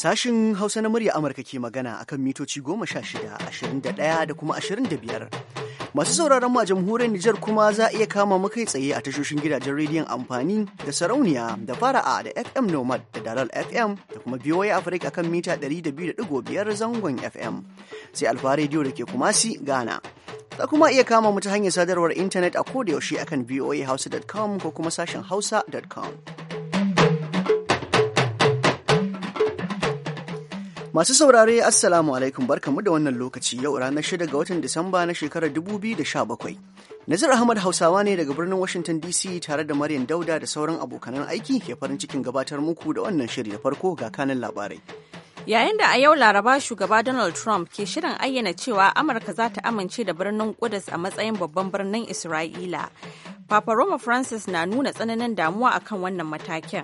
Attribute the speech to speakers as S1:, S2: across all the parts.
S1: Sashin Hausa na murya Amurka ke magana akan mitoci goma sha shida, ashirin da ɗaya da kuma ashirin da biyar. Masu sauraron a jamhuriyar Nijar kuma za a iya kama mu tsaye a tashoshin gidajen rediyon amfani da sarauniya da fara'a da FM Nomad da Dalal FM da kuma BOA Africa akan mita 200.5 zangon FM. Sai Alfa Radio da ke Kumasi, Ghana. Za kuma iya kama mu ta hanyar sadarwar intanet a ko da yaushe akan voahausa.com ko kuma sashen hausa.com. Masu saurare Assalamu alaikum barkamu da wannan lokaci yau ranar shida ga watan Disamba na shekarar 2017. Nazir Ahmad Hausawa ne daga birnin Washington DC tare da Maryam Dauda da sauran abokanan aiki ke farin cikin gabatar muku da wannan shiri da farko ga kanin labarai.
S2: Yayin da a yau Laraba shugaba Donald Trump ke shirin ayyana cewa Amurka za ta amince da birnin Kudus a matsayin babban birnin Isra'ila. Papa Roma Francis na nuna tsananin damuwa akan wannan matakin.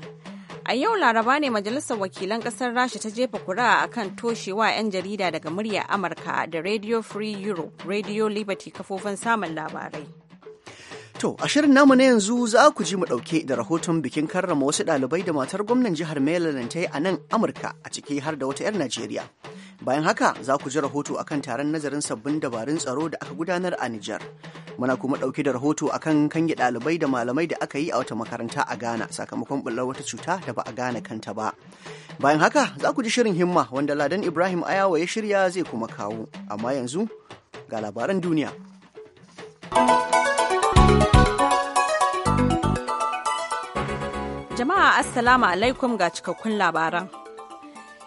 S2: A yau Laraba ne Majalisar Wakilan Ƙasar Rasha ta jefa kura a kan toshewa 'yan jarida daga murya Amurka da Radio Free Europe, Radio Liberty kafofin samun labarai.
S1: To, a shirin namu na yanzu za ku ji mu ɗauke da rahoton bikin karrama wasu ɗalibai da matar gwamnan jihar Maryland ta yi a nan Amurka a ciki har da wata 'yar Najeriya. Bayan haka za ku ji rahoto a kan taron nazarin sabbin dabarun tsaro da aka gudanar a Nijar. Muna kuma ɗauke da rahoto a kan kange ɗalibai da malamai da aka yi a wata makaranta a Ghana sakamakon ɓullar wata cuta da ba a gane kanta ba. Bayan haka za ku ji shirin himma wanda Ladan Ibrahim Ayawa ya shirya zai kuma kawo. Amma yanzu ga labaran duniya.
S2: Jama'a Assalamu alaikum ga cikakkun labaran.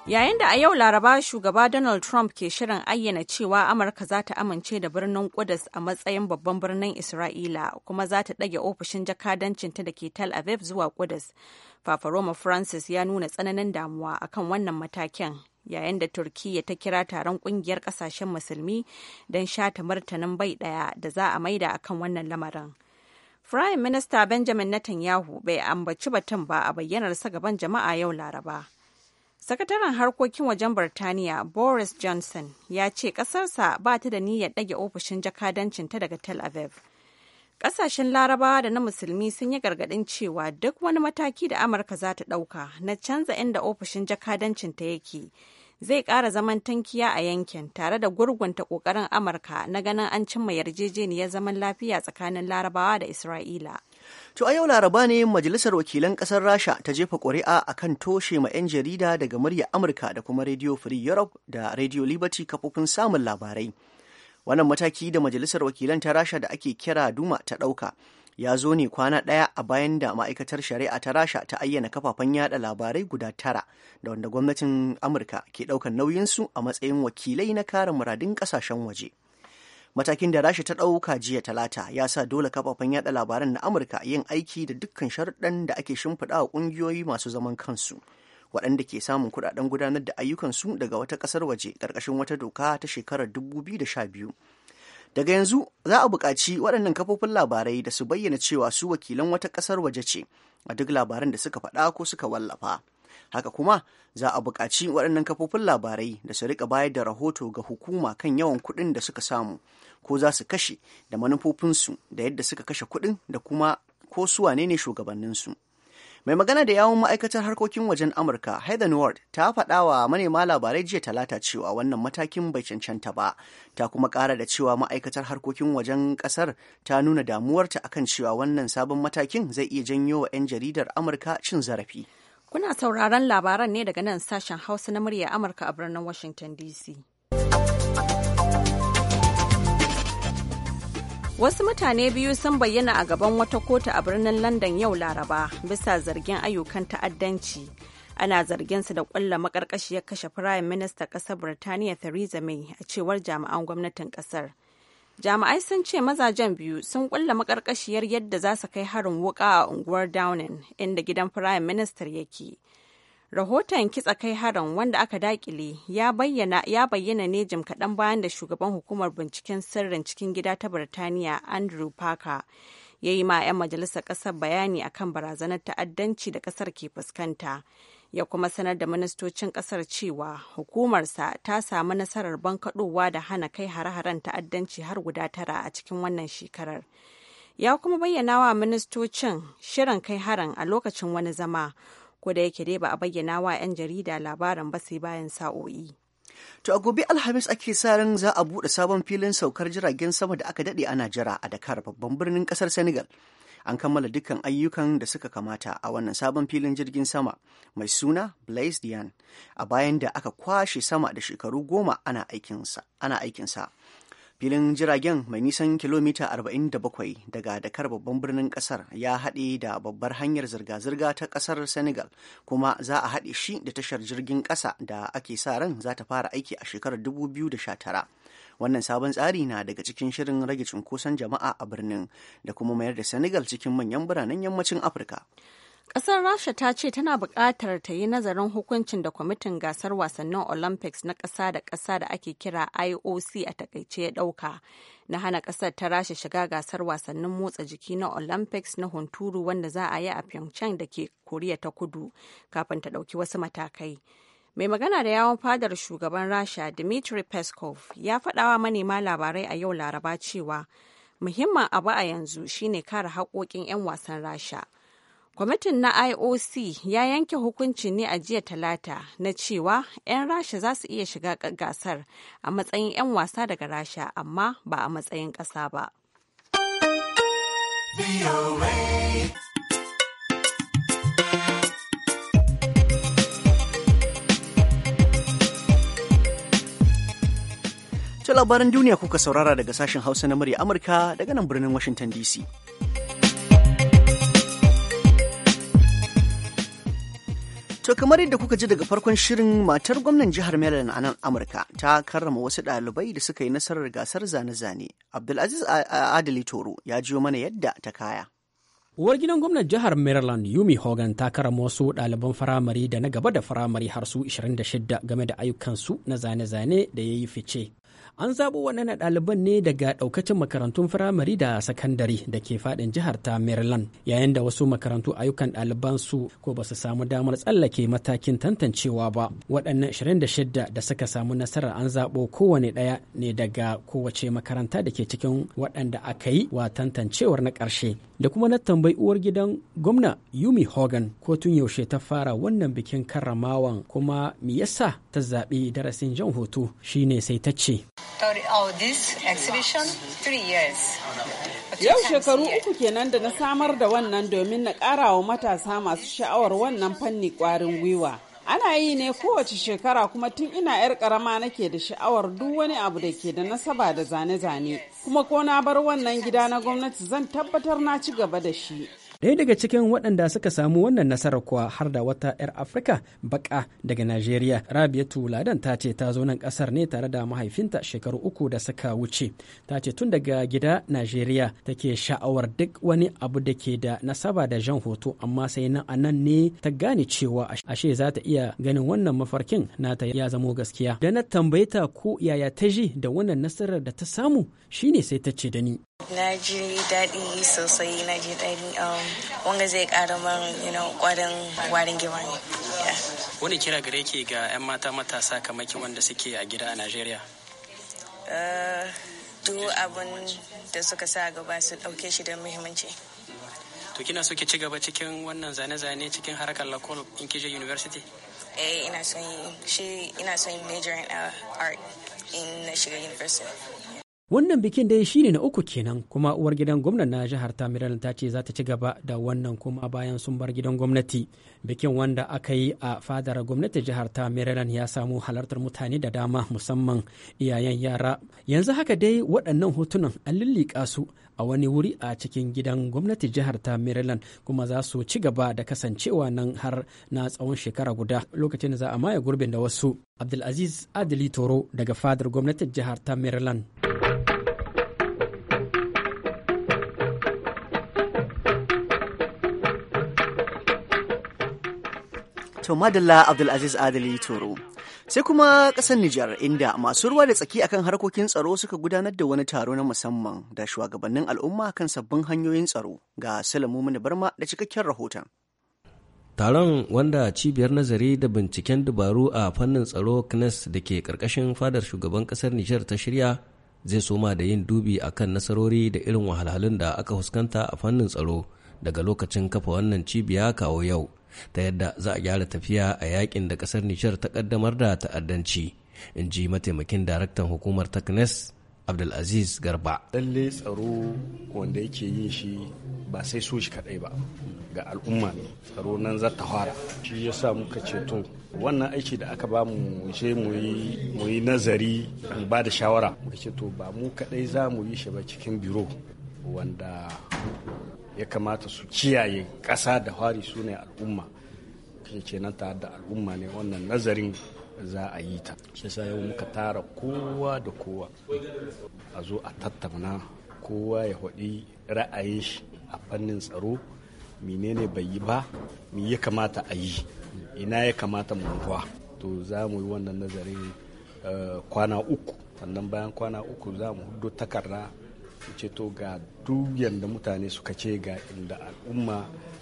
S2: Yayin da a yau Laraba shugaba Donald Trump ke shirin ayyana cewa Amurka za ta amince da birnin Kudus a matsayin babban birnin Isra'ila kuma za ta ɗage ofishin jakadancinta da ke Tel Aviv zuwa Kudus. Fafaroma Francis ya nuna tsananin damuwa akan wannan matakin yayin da turkiyya ta kira taron kungiyar kasashen musulmi don shata martanin bai ɗaya da za a maida akan wannan lamarin. Firayim Minista Benjamin Netanyahu bai ambaci batun ba a bayyanarsa gaban jama'a yau Laraba. Sakataren harkokin wajen Birtaniya Boris Johnson ya ce ƙasarsa ba ta da niyyar ɗage ofishin jakadancinta daga Tel Aviv. Ƙasashen Larabawa da na Musulmi sun yi gargaɗin cewa duk wani mataki da Amurka za ta ɗauka na canza inda ofishin jakadancinta yake zai kara zaman tankiya a yankin tare da gurgunta kokarin amurka na ganin an cimma yarjejeniyar zaman lafiya tsakanin larabawa da isra'ila
S1: To a yau laraba ne majalisar wakilan kasar Rasha ta jefa ƙuri'a a kan toshe ma 'yan jarida daga murya Amurka da kuma Radio Free Europe da Radio Liberty kafofin samun labarai. Wannan mataki da majalisar wakilan ta Rasha da ake kira Duma ta ɗauka ya zo ne kwana ɗaya a bayan da ma'aikatar shari'a ta rasha ta ayyana kafafen yada labarai guda tara da wanda gwamnatin amurka ke ɗaukar nauyinsu a matsayin wakilai na kare muradun ƙasashen waje matakin da rasha ta ɗauka jiya talata ya sa dole kafafen yada labaran na amurka yin aiki da dukkan sharuɗan da ake shimfiɗa wa ƙungiyoyi masu zaman kansu waɗanda ke samun kuɗaɗen gudanar da ayyukansu daga wata ƙasar waje ƙarƙashin wata doka ta shekarar sha biyu. daga yanzu za a buƙaci waɗannan kafofin labarai da su bayyana cewa su wakilan wata ƙasar waje ce a duk labaran da suka faɗa ko suka wallafa haka kuma za a buƙaci waɗannan kafofin labarai da su riƙa bayar da rahoto ga hukuma kan yawan kuɗin da suka samu ko za su kashe da manufofinsu da yadda suka kashe kuɗin da kuma ko su wane ne shugabanninsu mai magana da yawon ma'aikatar harkokin wajen amurka heather ward ta faɗa wa manema labarai jiya talata cewa wannan matakin bai cancanta ba ta kuma ƙara da cewa ma'aikatar harkokin wajen ƙasar ta nuna damuwarta akan cewa wannan sabon matakin zai iya janyo wa 'yan jaridar amurka cin zarafi
S2: kuna sauraron labaran ne daga nan sashen hausa na murya amurka a birnin washington dc Wasu mutane biyu sun bayyana a gaban wata kotu a birnin London yau Laraba bisa zargin ayyukan ta'addanci. Ana zargin su da ƙulla makarkashiyar kashe Firayim Minister ƙasar Birtaniya Theresa May a cewar jami'an gwamnatin ƙasar. Jami'ai sun ce mazajen biyu sun ƙulla makarkashiyar yadda za su kai harin wuƙa a unguwar Downing inda gidan Firayim Ministar yake. Rahoton kitsa kai harin wanda aka dakile ya bayyana ne jim kaɗan bayan da shugaban hukumar binciken sirrin cikin gida ta Birtaniya Andrew Parker ya yi ma 'yan majalisar ƙasar bayani akan barazanar ta'addanci da ƙasar ke fuskanta. Ya kuma sanar da ministocin ƙasar cewa hukumarsa ta samu nasarar bankaɗowa da hana kai hare-haren ta'addanci har guda tara a cikin wannan shekarar. ya kuma bayyana wa ministocin shirin kai harin a lokacin wani zama ko da yake dai ba a bayyana wa 'yan jarida labarin ba sai bayan sa'o'i. To a gobe Alhamis
S1: ake sa ran za a buɗe sabon filin saukar jiragen sama da aka daɗe ana jira a Dakar babban birnin ƙasar Senegal. An kammala dukkan ayyukan da suka kamata a wannan sabon filin jirgin sama mai suna Blaise Diane a bayan da aka kwashe sama da shekaru goma ana aikinsa. Ana aikinsa. filin jiragen mai nisan kilomita 47 daga dakar babban birnin kasar ya haɗe da babbar hanyar zirga-zirga ta kasar senegal kuma za a haɗe shi da tashar jirgin ƙasa da ake sa ran za ta fara aiki a shekarar 2019 wannan sabon tsari na daga cikin shirin rage cunkoson jama'a a birnin da kuma mayar da senegal cikin manyan biranen yammacin afirka
S2: Ƙasar Rasha ta ce tana buƙatar ta yi nazarin hukuncin da kwamitin gasar wasannin Olympics na ƙasa da ƙasa da ake kira IOC a takaice ya ɗauka na hana ƙasar ta Rasha shiga gasar wasannin motsa jiki na Olympics na hunturu wanda za a yi a Pyeongchang da ke Koriya ta Kudu kafin ta ɗauki wasu matakai. Mai magana da yawon fadar shugaban Rasha Dmitry Peskov ya faɗawa manema labarai a yau Laraba cewa muhimmin abu a yanzu shine kare haƙoƙin 'yan wasan Rasha. kwamitin na ioc ya yanke hukunci ne a jiya talata na cewa 'yan rasha za su iya shiga gasar a matsayin 'yan wasa daga rasha amma ba a matsayin ƙasa ba
S1: To labaran duniya kuka saurara daga sashen hausa na murya amurka daga nan birnin washington dc To kamar yadda kuka ji daga farkon shirin matar gwamnan jihar Maryland a nan Amurka ta karrama wasu ɗalibai da suka yi nasarar gasar zane-zane. Abdulaziz Adali Toro ya jiyo mana yadda ta kaya.
S3: Uwar gidan gwamnan jihar Maryland Yumi Hogan ta karama wasu ɗaliban firamare da na gaba da firamare har su 26 game da ayyukansu na zane-zane da ya yi fice. An zaɓo waɗannan ɗaliban ne daga ɗaukacin makarantun firamare da sakandare da ke faɗin jihar ta Maryland, yayin da wasu makarantu ayyukan ɗaliban su ko ba su samu damar tsallake matakin tantancewa ba. Waɗannan 26 da suka samu nasarar an zaɓo kowane ɗaya ne daga kowace makaranta da ke cikin waɗanda aka yi wa tantancewar na ƙarshe. Da kuma na tambayi uwar gidan gwamna Yumi Hogan ko tun yaushe ta fara wannan bikin karramawan kuma me yasa ta zaɓi darasin jan hoto shine sai ta
S4: ce. Oh, Yau shekaru uku kenan da na samar da wannan domin na ƙara wa matasa masu sha'awar wannan fanni ƙwarin gwiwa. Ana yi ne kowace shekara kuma tun ina 'yar karama nake da sha'awar duk wani abu da ke da nasaba da zane-zane. Kuma ko na bar wannan gida na gwamnati zan tabbatar na ci gaba da shi.
S3: Ɗaya daga cikin waɗanda suka samu wannan nasarar kuwa har da wata 'yar Afirka baka daga Najeriya. Rabiatu Ladan ta ce ta zo nan ƙasar ne tare da mahaifinta shekaru uku da suka wuce. Ta ce tun daga gida Najeriya take sha'awar duk wani abu da ke da nasaba da jan hoto amma sai nan a nan ne ta gane cewa ashe za ta iya ganin wannan mafarkin nata ya zamo gaskiya. Da na tambaye ko yaya ta ji da wannan nasarar da ta samu shine sai ta ce da ni.
S2: na ji daɗi sosai na ji daɗi um, wanga zai ƙara man ƙwarin warin gima ne
S3: wani kira gare ki ga 'yan mata matasa kamar ki wanda suke a gida a najeriya
S4: uh, duk abin da suka sa gaba su ɗauke shi da muhimmanci
S3: to kina so ki ci gaba cikin wannan zane-zane cikin harkar lakol in ki je
S4: university eh ina son shi ina son major in uh, art in na shiga university
S3: Wannan bikin dai shi ne na uku kenan kuma uwar gidan gwamnan na jihar Tamiran ta ce za ta ci gaba da wannan kuma bayan sun bar gidan gwamnati. Bikin wanda aka yi a fadar gwamnati jihar Tamiran ya samu halartar mutane da dama musamman iyayen yara. Yanzu haka dai waɗannan hotunan an lillika su a wani wuri a cikin gidan gwamnati jihar ta Maryland kuma za su ci gaba da kasancewa nan har na tsawon shekara guda lokacin da za a maye gurbin da wasu. Abdulaziz Adili Toro daga fadar gwamnatin jihar ta Maryland.
S1: To Madalla Abdulaziz Adali Toro. Sai kuma ƙasar Nijar inda masu ruwa da tsaki akan harkokin tsaro suka gudanar da wani taro na musamman da shugabannin al'umma kan sabbin hanyoyin tsaro ga Salamu Mini Barma da cikakken rahoton.
S5: Taron wanda cibiyar nazari da binciken dabaru a fannin tsaro CNES da ke ƙarƙashin fadar shugaban ƙasar Nijar ta shirya zai soma da yin dubi akan nasarori da irin wahalhalun da aka fuskanta a fannin tsaro daga lokacin kafa wannan cibiya kawo yau. ta yadda za a gyara tafiya a yakin da kasar Nijar ta kaddamar da ta'addanci in ji mataimakin daraktan hukumar Taknes Abdulaziz Garba.
S6: Lalle tsaro wanda yake yin shi ba sai so shi kadai ba ga al'umma ne tsaro nan za ta fara shi ya sa muka ceto wannan aiki da aka ba mu je mu yi nazari mu ba da shawara muka ceto ba mu kaɗai za mu yi shi ba cikin biro wanda ya kamata su kiyaye ƙasa da hari su ne al'umma ce ta da al'umma ne wannan nazarin za a yi ta shi yau muka tara kowa da kowa a zo a tattauna kowa ya haɗi ra'ayin shi a fannin tsaro menene bai yi ba me ya kamata a yi ina ya kamata mu to za mu yi wannan nazarin eh, kwana uku sannan bayan kwana uku za mu hudu takarda ce to ga duk yadda mutane suka ce ga inda al'umma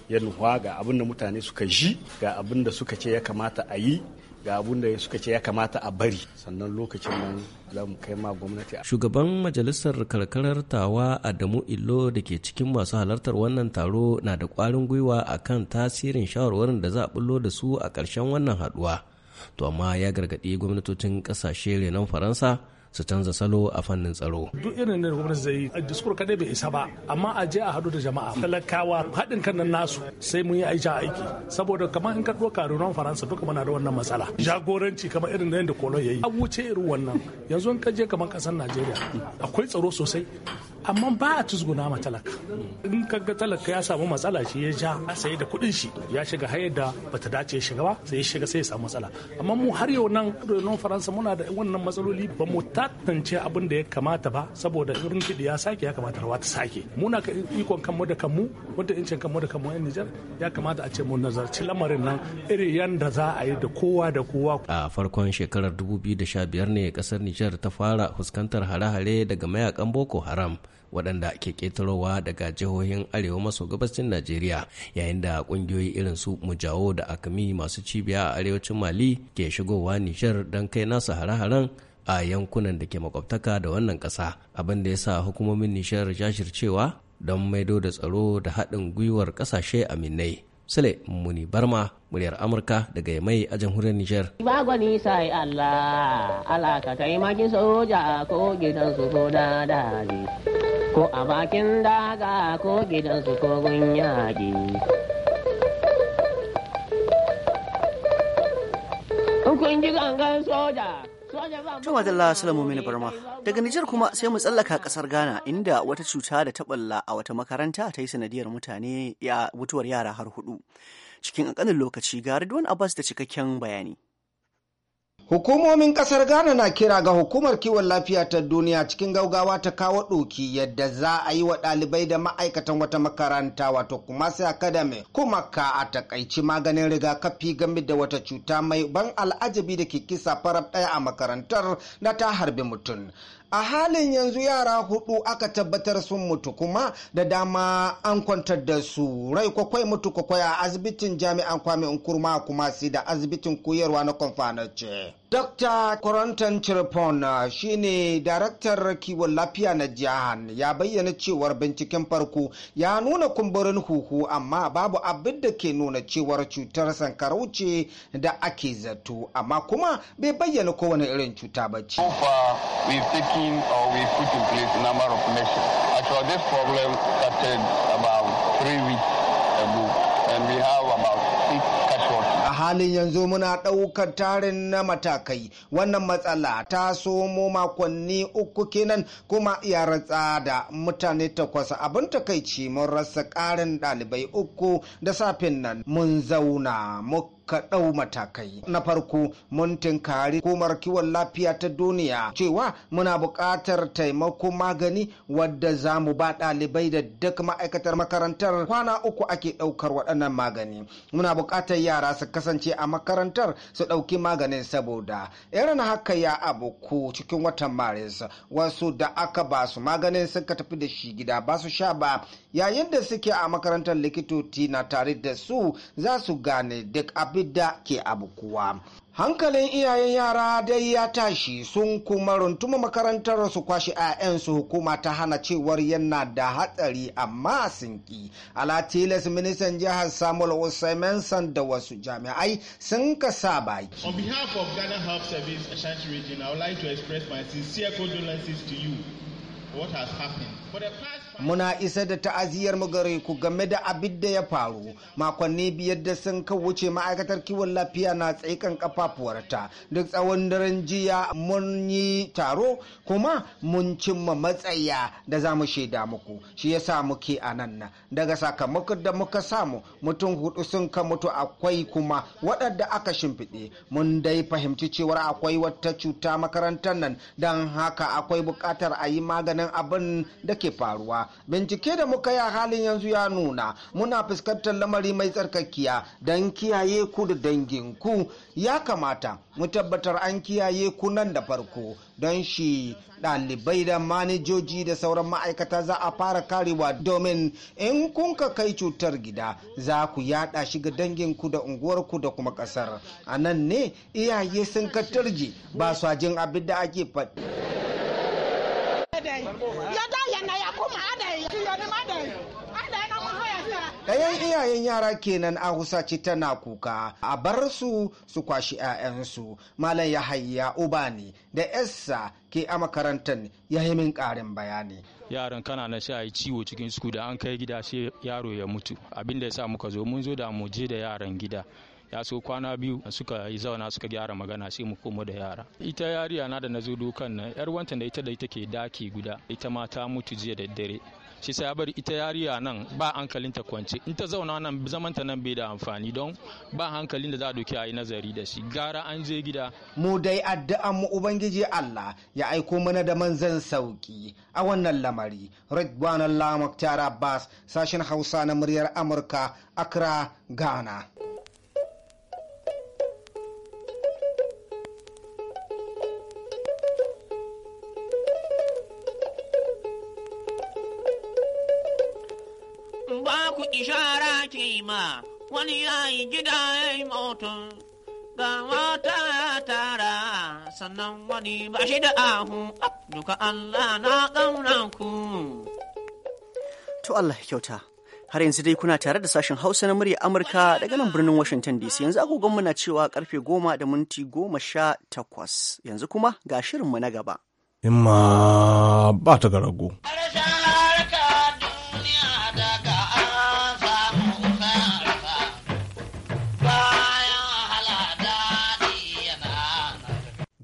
S6: ya nuhuwa ga abin da mutane suka ji ga abin da suka ce ya kamata a yi ga abin da suka ce ya kamata a bari sannan lokacin nan za mu kai ma gwamnati
S5: shugaban majalisar karkarar tawa adamu illo da ke cikin masu halartar wannan taro na da kwarin gwiwa akan tasirin shawarwarin da za a bullo da su a ƙarshen wannan haduwa to amma ya gargaɗi gwamnatocin ƙasashe renon faransa su canza salo a fannin tsaro.
S6: Duk irin da gwamnati zai yi diskur kadai bai isa ba amma a je a haɗu da jama'a talakawa haɗin kan nan nasu sai mun yi aiki aiki saboda kamar in ka ɗauka renon faransa duka muna da wannan matsala jagoranci kamar irin da yadda kolon ya yi a wuce irin wannan yanzu in ka je kamar ƙasar najeriya akwai tsaro sosai amma ba a tuzguna ma talaka in ka ga talaka ya samu matsala shi ya ja sai da kuɗin shi ya shiga hayar da bata dace ya shiga ba sai ya shiga sai ya samu matsala amma mu har yau nan renon faransa muna da wannan matsaloli ba mu ta tantance abin da ya kamata ba saboda irin kiɗi ya sake ya kamata rawa ta sake muna ikon kanmu da kanmu wanda incin kanmu da kanmu yan Nijar ya kamata a ce mu nazarci lamarin nan irin yanda
S5: za a yi da kowa da kowa a farkon shekarar 2015 ne kasar Nijar ta fara fuskantar hare-hare daga mayakan Boko Haram waɗanda ke ƙetarowa daga jihohin arewa maso gabashin najeriya yayin da ƙungiyoyi irin su mujawo da akami masu cibiya a arewacin mali ke shigowa nijar don kai nasu hare-haren a yankunan da ke makwabtaka da wannan ƙasa abin da ya sa hukumomin nishar cewa don maido da tsaro da haɗin gwiwar ƙasashe aminai sule muni barma muryar amurka daga mai a jamhuriyar nijar
S4: ba gwani sai allah soja ko gidan su ko ko a bakin daga ko gidan su ko kun ji gangan soja Cewa
S1: dalla Salamu Mini Barma. Daga Nijar kuma sai mu tsallaka kasar Ghana inda wata cuta da ta balla a wata makaranta ta yi sanadiyar mutane ya mutuwar yara har hudu. Cikin ƙanƙanin lokaci ga Ridwan Abbas da
S7: cikakken bayani. Hukumomin kasar Ghana na kira ga hukumar kiwon lafiya ta duniya cikin gaugawa ta kawo ɗoki yadda za a yi wa ɗalibai da ma'aikatan wata makaranta wato Kumasi Academy kuma ka a takaici maganin rigakafi game da wata cuta mai ban al'ajabi da ke kisa farab ɗaya a makarantar na ta harbi mutum. a halin yanzu yara hudu aka tabbatar sun mutu kuma da dama an kwantar da su rai kwakwai mutu kwakwai a asibitin jami'an kwame Nkrumah kuma sai da asibitin koyarwa na kwamfanace Dr. Quarantan Chirpon uh, ne daraktar kiwon lafiya na jihar ya bayyana cewar binciken farko ya nuna kumburin huhu amma babu abin da ke nuna cewar cutar sankarau ce da ake zato amma kuma bai bayyana kowane irin cuta ba ce. problem started about three weeks ago and we have about six halin yanzu muna ɗaukar tarin na matakai wannan matsala ta somo makonni uku kenan kuma ya ratsa da mutane takwas abin takaici mun rasa ƙarin ɗalibai uku da safin nan mun zauna muka ka ɗau matakai na farko mun tinkari hukumar kiwon lafiya ta duniya cewa muna buƙatar taimako magani wadda za mu ba ɗalibai da duk ma'aikatar makarantar kwana uku ake ɗaukar waɗannan magani muna buƙatar yara su kasance a makarantar su ɗauki maganin saboda irin haka ya abu ko cikin watan maris wasu da aka ba su maganin suka tafi da shi gida ba su sha ba yayin da suke a makarantar likitoci na tare da su za su gane duk abin fidda ke abu kuwa hankalin iyayen yara dai ya tashi sun kuma runtuma makarantar su kwashe 'ya'yansu hukuma ta hana cewar yana da hatsari amma sun ki alatilas ministan jihar samuel usaimensan da wasu jami'ai sun kasa baki on
S6: behalf of ghana health service ashanti region i would like to express my sincere
S8: condolences to you for what has happened
S7: Muna isa da ta'aziyar mu gare ku game da abin da ya faru makonni biyar da sun ka wuce ma'aikatar kiwon lafiya na tsaikan kafafuwarta duk tsawon daren jiya mun yi taro kuma mun cimma matsaya da za mu shaida muku shi yasa muke a nan daga sakamakon da muka samu mutum hudu sun ka mutu akwai kuma waɗanda aka shimfiɗe mun dai fahimci cewar akwai wata cuta makarantar nan don haka akwai buƙatar a yi maganin abin da take faruwa bincike da muka yi a halin yanzu ya nuna muna fuskantar lamari mai tsarkakiya don kiyaye ku da dangin ku ya kamata mu tabbatar an kiyaye ku nan da farko don shi ɗalibai da manijoji da sauran ma'aikata za a fara karewa domin in kun ka kai cutar gida za ku yada shi ga ku da unguwarku da kuma ƙasar a nan ne iyaye sun ka ba su jin abin da ake faɗi. Ɗayan iyayen yara kenan a ci tana kuka a bar su su kwashi 'ya'yansu Malam Yahaya Ubani da Essa ke a makarantar ya yi min ƙarin bayani. Yaran kana na sha yi ciwo cikin suku da an kai gida sai yaro ya mutu abin da ya sa muka zo mun zo da mu je da yaran gida. ya so kwana biyu suka yi zauna suka gyara magana sai mu komo da yara ita yariya na da nazo dukan nan yar wanta da ita da ita ke daki guda ita ma ta mutu jiya da dare shi sai ya bari ita yariya nan ba hankalin ta kwance in ta zauna nan zaman ta nan bai da amfani don ba hankalin da za a doki a yi nazari da shi gara an je gida mu dai addu'an mu ubangiji Allah ya aiko mana da manzan sauki a wannan lamari Ridwan Allah bas Abbas sashen Hausa na muryar Amurka Accra Ghana
S4: wani ya yi gida ya yi moto
S1: ga mata tara sannan wani ba shi da ahu duka Allah na ƙauna ku. To Allah kyauta. Har yanzu dai kuna tare da sashen Hausa na murya Amurka daga nan birnin Washington DC yanzu agogon na cewa karfe goma da minti goma sha takwas yanzu kuma ga shirinmu na gaba.
S9: Imma ba ta garago.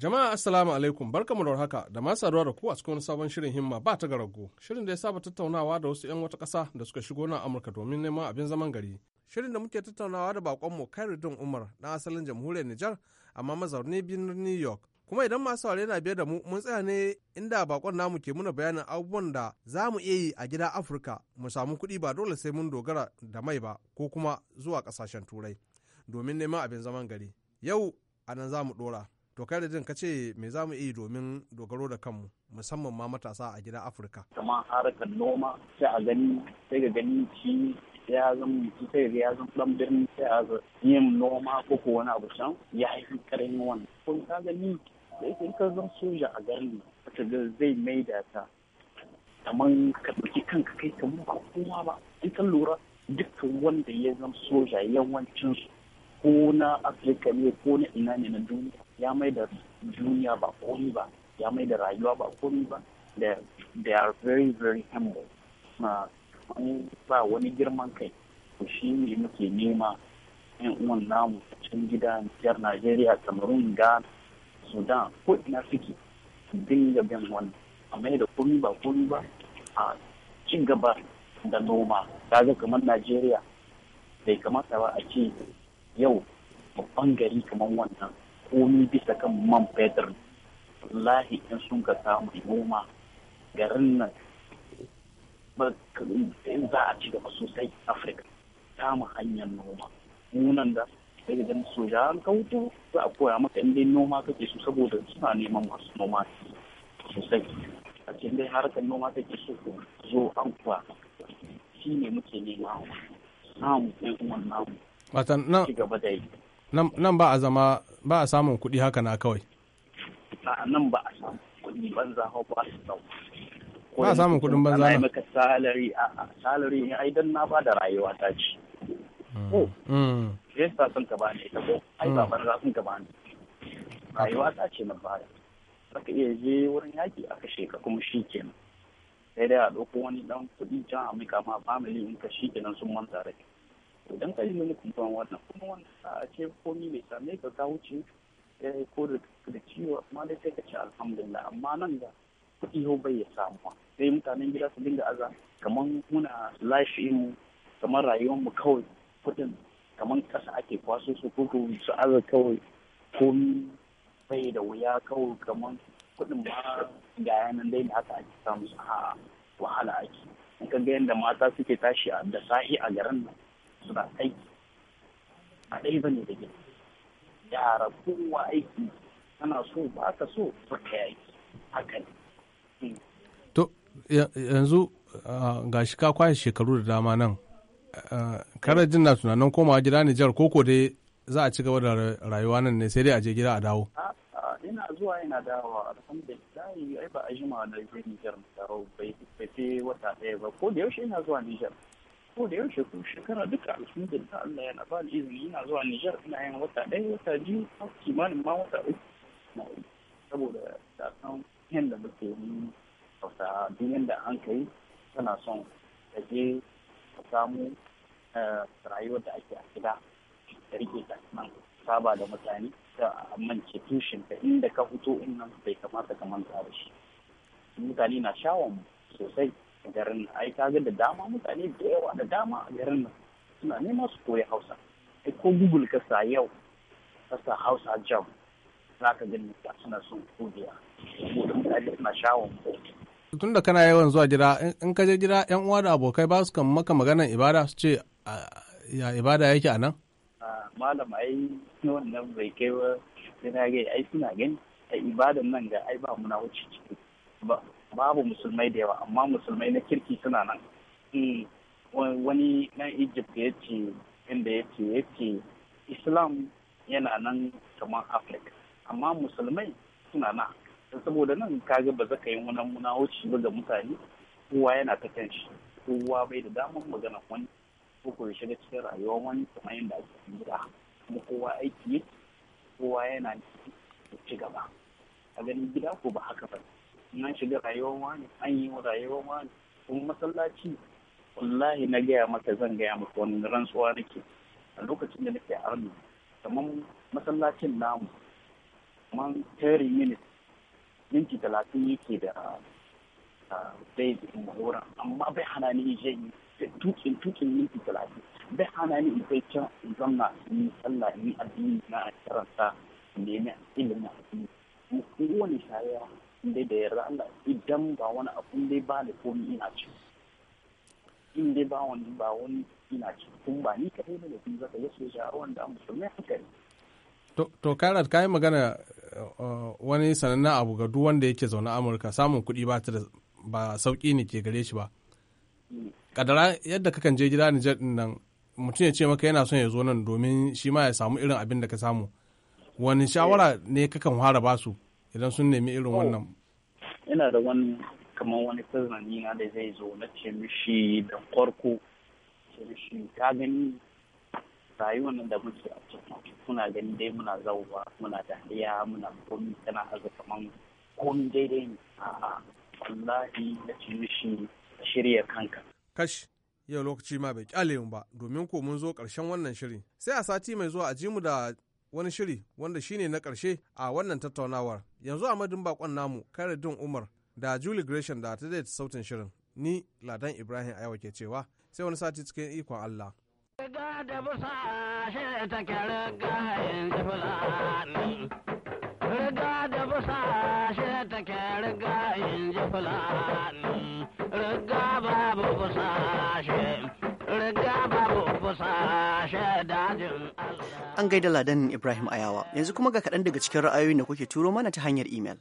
S9: Jama'a Assalamu alaikum barkamu da warhaka da masu saduwa da ku a cikin sabon shirin himma ba ta garago. Shirin da ya saba tattaunawa da wasu 'yan wata ƙasa da suka shigo na Amurka domin neman abin zaman gari. Shirin da muke tattaunawa da bakon bakonmu Khairuddin Umar na asalin jamhuriyar Nijar amma mazauni birnin New York. Kuma idan masu saurare na biye da mu mun tsaya ne inda bakon namu ke muna bayanin abubuwan da za mu iya yi a gida Afirka mu samu kuɗi ba dole sai mun dogara da mai ba ko kuma zuwa ƙasashen Turai domin neman abin zaman gari. Yau a nan za mu ɗora. to kai da ka ce me za mu yi domin dogaro da kanmu musamman ma matasa a gida afirka
S8: kamar harkar noma sai a gani sai ga gani shi ya zama mutum sai ya zama dan birni sai a yin noma ko ko wani abu can ya haifi karamin wani kun ka gani da yake in ka zama soja a garin wata da zai maida ta kamar ka ɗauki kanka kai kamar ba kowa ba in ka lura dukkan wanda ya zama soja yawancinsu ko na afirka ne ko na ina ne na duniya ya mai da duniya ba komi ba ya mai da rayuwa ba komi ba they are very very humble ma ba wani girman kai to shi ne muke nema yan uwan namu cikin gida jihar Najeriya Cameroon Ghana Sudan ko ina suke dinga bin wani a mai da komi ba komi ba a ci gaba da noma kaga kamar Najeriya bai kamata ba a ce yau babban gari kamar wannan komi bisa kan man fetur wallahi in sun ka samu noma garin nan in za a ci gaba sosai afirka mu hanyar noma munan da daga ganin soja an kautu za a koya maka in dai noma kake su saboda suna neman masu noma sosai a cikin dai harkar noma kake so zo an kuwa shi ne muke nema samu ɗan uwan namu ci gaba da yi
S9: nan ba a zama ba a samun kuɗi haka na kawai
S8: nan ba a samun kuɗi banza ba a samun ba a samun kuɗin banza na maka salari a salari ne ai dan na ba da rayuwa ta ci
S9: mm. ko
S8: yasa mm. sun ka bani ita ko ai ba mm. banza sun ka bani rayuwa ta ce na bada zaka iya je wurin yaki a kashe ka kuma shi kenan sai dai a ɗauko wani ɗan kuɗi can a mika ma family in ka shi kenan sun manta da kai idan ka yi mini kumfan wannan kuma wannan a ce komi mai same ka ka wuce eh, ko da ciwo amma dai sai ka alhamdulillah amma nan da kuɗi ho bai ya samu sai mutanen gida su dinga aza kamar muna life mu kamar rayuwar mu kawai kuɗin kamar ƙasa ake kwaso su kuku su aza kawai komi bai da wuya kawai kamar kuɗin ma ga yanan dai da haka ake samu a wahala ake in ka ga yadda mata suke tashi da sahi a garin nan suna aiki a ɗaya bane da gida yara kowa aiki ana so ba ka so ba ka yi aiki haka ne hmm.
S9: to yanzu ga shi ka kwashe shekaru da dama nan kana jin na tunanin komawa gida Nijar koko dai za a ci gaba da rayuwa nan ne sai dai a je gida a dawo
S8: ina zuwa yana dawowa alhamdulillah ai ba a jima da Nijar bai fi wata ɗaya ba ko da yaushe ina zuwa Nijar ko da yaushe ko shekara duka alhamdulillah Allah yana ba ni izini ina zuwa Nijar ina yin wata ɗaya wata biyu kimanin ma wata uku wata uku saboda ta san yadda muke yi hausa duk da an kai tana son ta je ta samu eh, rayuwar da ake a gida ta rike ta nan saba da mutane da ta mance tushen ka inda ka fito in nan bai kamata ka manta da shi mutane na shawon sosai a garin ai kaga da dama mutane da yawa da dama a garin nan suna nema su koyi hausa ai ko google ka sa yau ka sa hausa jam za ka gani suna son kodiya da mutane suna shawon tun
S9: Tunda kana yawan zuwa gida in ka je gida yan uwa da abokai ba su kan maka maganar ibada su ce ya ibada yake a nan
S8: malam ai wannan bai kai ba sai na ga ai suna gani ai ibadan nan ga ai ba mu na wuce ciki ba babu musulmai da yawa amma musulmai na kirki suna nan hmm, wani na egypt ya ce inda ya ce ya ce islam yana nan kamar Afrika amma musulmai suna nan saboda nan kaga ba zaka yi wani muna wuce ba ga mutane kowa yana ta kan shi kowa bai da damar magana wani ko ko shiga cikin rayuwa wani kamar yadda ake gida kuma kowa aiki kowa yana ci gaba a ganin gida ko ba haka ba nan shiga rayuwar wani an yi rayuwar wani kuma masallaci wallahi na gaya maka zan gaya maka wani rantsuwa nake a lokacin da nake arno kamar masallacin namu kamar terry minutes minti talatin yake da dai horon amma bai hana ni in yi tukin tukin minti talatin bai hana ni in can in ni in sallah ni addini na a karanta nemi ilimin addini kowane shayarwa. in dai da yarda Allah idan ba wani abin dai ba da komi ina ci in dai ba wani ba wani ina ci kun ba ni kadai ne da kun zaka yaso sha'awan da musulmai haka ne
S9: to karat kai magana uh, wani sanannen abu ga duk wanda yake zaune amurka samun kuɗi ba da ba sauki ne ke gare shi ba mm. kadara yadda kakan je gida ni din nan mutum ya ce maka yana son ya zo nan domin shi ma ya samu irin abin da ka samu wani shawara ne kakan fara ba su idan sun nemi irin wannan
S8: oh, ina da wani kamar wani tsanani na da zai zo na ce mishi da kwarko ce mishi ka gani rayuwar nan da muke a cikin muna gani dai muna zauwa muna dariya muna komi tana aza kamar komi daidai ne a kullahi na ce mishi shirya kanka
S9: kash yau lokaci ma bai kyale mu ba domin ko mun zo ƙarshen wannan shirin sai a sati mai zuwa a ji mu da wani shiri wanda shine na ƙarshe a wannan tattaunawar. Yanzu a madin bakon namu Karadin Umar da Julie Gresham da ta daita sautin shirin. Ni Ladan Ibrahim Ayawa ke cewa sai wani sati cikin ikon Allah. Riga da busa shi ta riga
S5: in ji fulani. Riga babu busa shi,
S7: riga babu busa
S1: an gaida Ladan Ibrahim Ayawa. Yanzu kuma ga kaɗan daga cikin ra'ayoyin da kuke turo mana ta hanyar imel.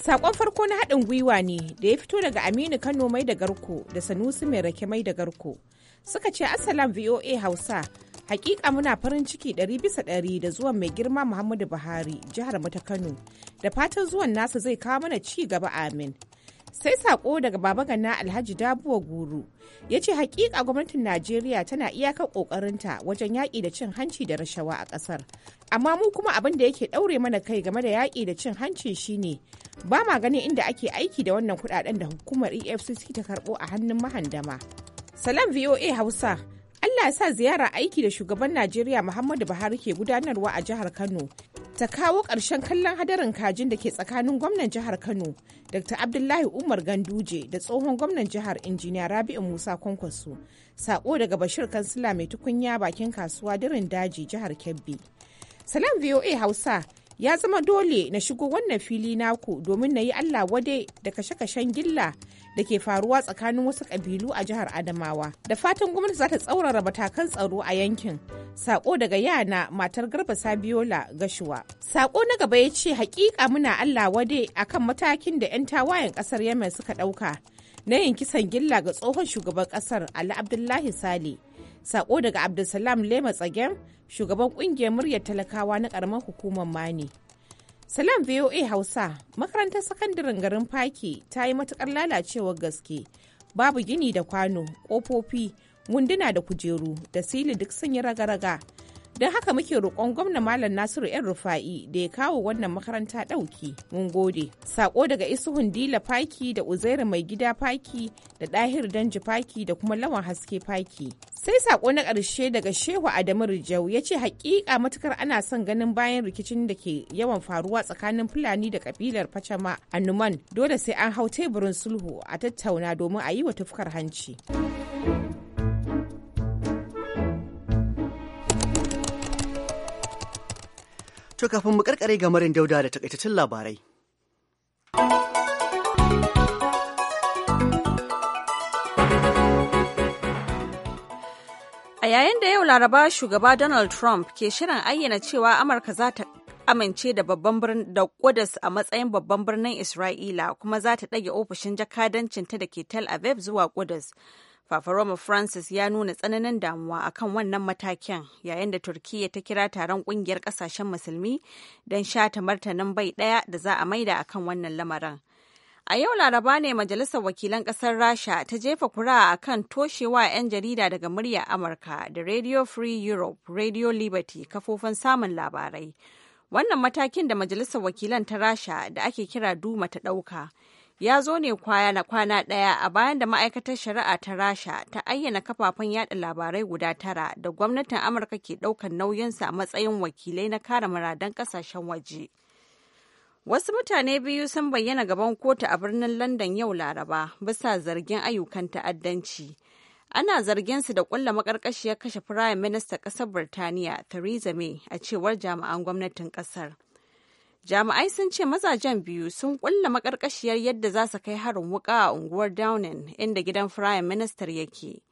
S4: Sakon farko na haɗin gwiwa ne da ya fito daga Aminu Kano mai da garko da Sanusi mai rake mai da garko. Suka ce Assalam VOA Hausa, hakika muna farin ciki ɗari bisa ɗari da zuwan mai girma Muhammadu Buhari jihar mu Kano. Da fatan zuwan nasa zai kawo mana ci gaba amin. sai sako daga baba Ganna alhaji dabuwa guru ya ce hakika gwamnatin najeriya tana iyakar kokarinta wajen yaƙi da cin hanci da rashawa a ƙasar amma mu kuma abin da yake ɗaure mana kai game da yaƙi da cin hanci shine ba ma ganin inda ake aiki da wannan kuɗaɗen da hukumar efcc ta karɓo a hannun mahandama salam voa hausa Allah sa ziyara aiki da shugaban Najeriya Muhammadu Buhari ke gudanarwa a jihar Kano ta kawo ƙarshen kallon hadarin kajin da ke tsakanin gwamnan jihar Kano, Dr. Abdullahi Umar Ganduje da tsohon gwamnan jihar Injiniya Rabi'u Musa Kwankwaso, sako daga Bashir Kansila mai tukunya bakin kasuwa dirin daji jihar Kebbi. Salam VOA Hausa ya zama dole na shigo wannan fili naku domin na yi Allah wade da kashe-kashen gilla da ke faruwa tsakanin wasu ƙabilu a jihar Adamawa. Da fatan gwamnati za ta tsaurara matakan tsaro a yankin. Sako daga yana matar Garba Sabiola Gashuwa. Sako na gaba ya ce hakika muna Allah wade akan matakin da 'yan tawayen ƙasar Yemen suka ɗauka. Na yin kisan gilla ga tsohon shugaban ƙasar Ali Abdullahi Sale. Sako daga Abdulsalam Lema Tsagen, shugaban kungiyar muryar talakawa na karamar hukumar Mani. Salam VOA Hausa, makarantar sakandaren garin Faki ta yi matukar lalacewar gaske. Babu gini da kwano, ƙofofi, munduna da kujeru da sili duk sun yi raga-raga. Don haka muke roƙon gwamna Malam Nasiru 'yan Rufa'i da ya kawo wannan makaranta ɗauki. Mun gode. saƙo daga Isuhun Dila Faki da uzaira Mai Gida Faki da Ɗahir Danji Faki da kuma Lawan Haske Faki. Sai saƙo na ƙarshe daga Shehu Adamu Rijau ya ce haƙiƙa matukar ana son ganin bayan rikicin da ke yawan faruwa tsakanin Fulani da ƙabilar Facama a Numan dole sai an hau teburin sulhu a tattauna domin a yi wa tufkar hanci.
S1: To kafin mu karkare ga marin Dauda da takaitaccen labarai.
S2: A yayin da yau Laraba shugaba Donald Trump ke shirin ayyana cewa Amurka za ta amince da babban birnin da Qudus a matsayin babban birnin Isra'ila kuma za ta ɗage ofishin jakadancinta da ke Tel Aviv zuwa Qudus. Fafaroma Francis ya nuna tsananin damuwa akan wannan matakin yayin da Turkiyya ta kira taron kungiyar kasashen musulmi don shata martanin bai ɗaya da za a maida akan wannan lamarin. A yau Laraba ne Majalisar Wakilan Ƙasar Rasha ta jefa kura a kan toshewa 'yan jarida daga murya Amurka da Radio Free Europe, Radio Liberty kafofin samun labarai. Wannan matakin da Majalisar Wakilan ta Rasha da ake kira Duma ta ɗauka ya zo ne kwaya na kwana ɗaya a bayan da ma'aikatar shari'a ta rasha ta ayyana kafafen yada labarai guda tara da gwamnatin amurka ke ɗaukar nauyinsu a matsayin wakilai na kare muradan ƙasashen waje wasu mutane biyu sun bayyana gaban kotu a birnin london yau laraba bisa zargin ayyukan ta'addanci ana zargin su da kulla makarkashiyar kashe firayim Minista ƙasar birtaniya theresa may a cewar jami'an gwamnatin ƙasar jami'ai sun ce mazajen biyu sun kulla makarkashiyar yadda za su kai harin wuka a unguwar downing inda gidan firayim minister yake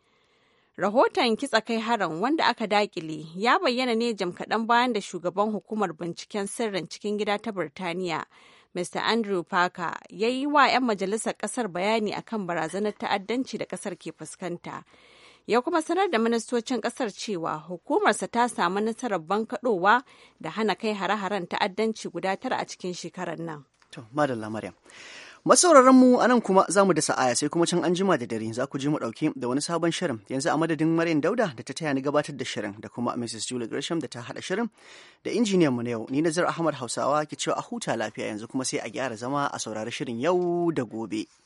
S2: rahoton kitsa kai harin wanda aka dakile ya bayyana ne jam kaɗan bayan da shugaban hukumar binciken sirrin cikin gida ta birtaniya mr andrew parker ya yi wa 'yan majalisar ƙasar bayani akan barazanar ta'addanci da ƙasar ke fuskanta ya kuma sanar da ministocin kasar cewa hukumarsa ta samu nasarar bankaɗowa da hana kai hare-haren ta'addanci guda tara a cikin shekarar nan.
S1: Madalla Maryam. Masauraran mu anan kuma za mu da sa'aya sai kuma can an jima da dare za ku ji mu ɗauke da wani sabon shirin yanzu a madadin Maryam Dauda da ta taya ni gabatar da shirin da kuma Mrs. Julie Gresham da ta haɗa shirin da injiniyan mu na yau ni Nazar Ahmad Hausawa ke cewa a huta lafiya yanzu kuma sai a gyara zama a saurari shirin yau da gobe.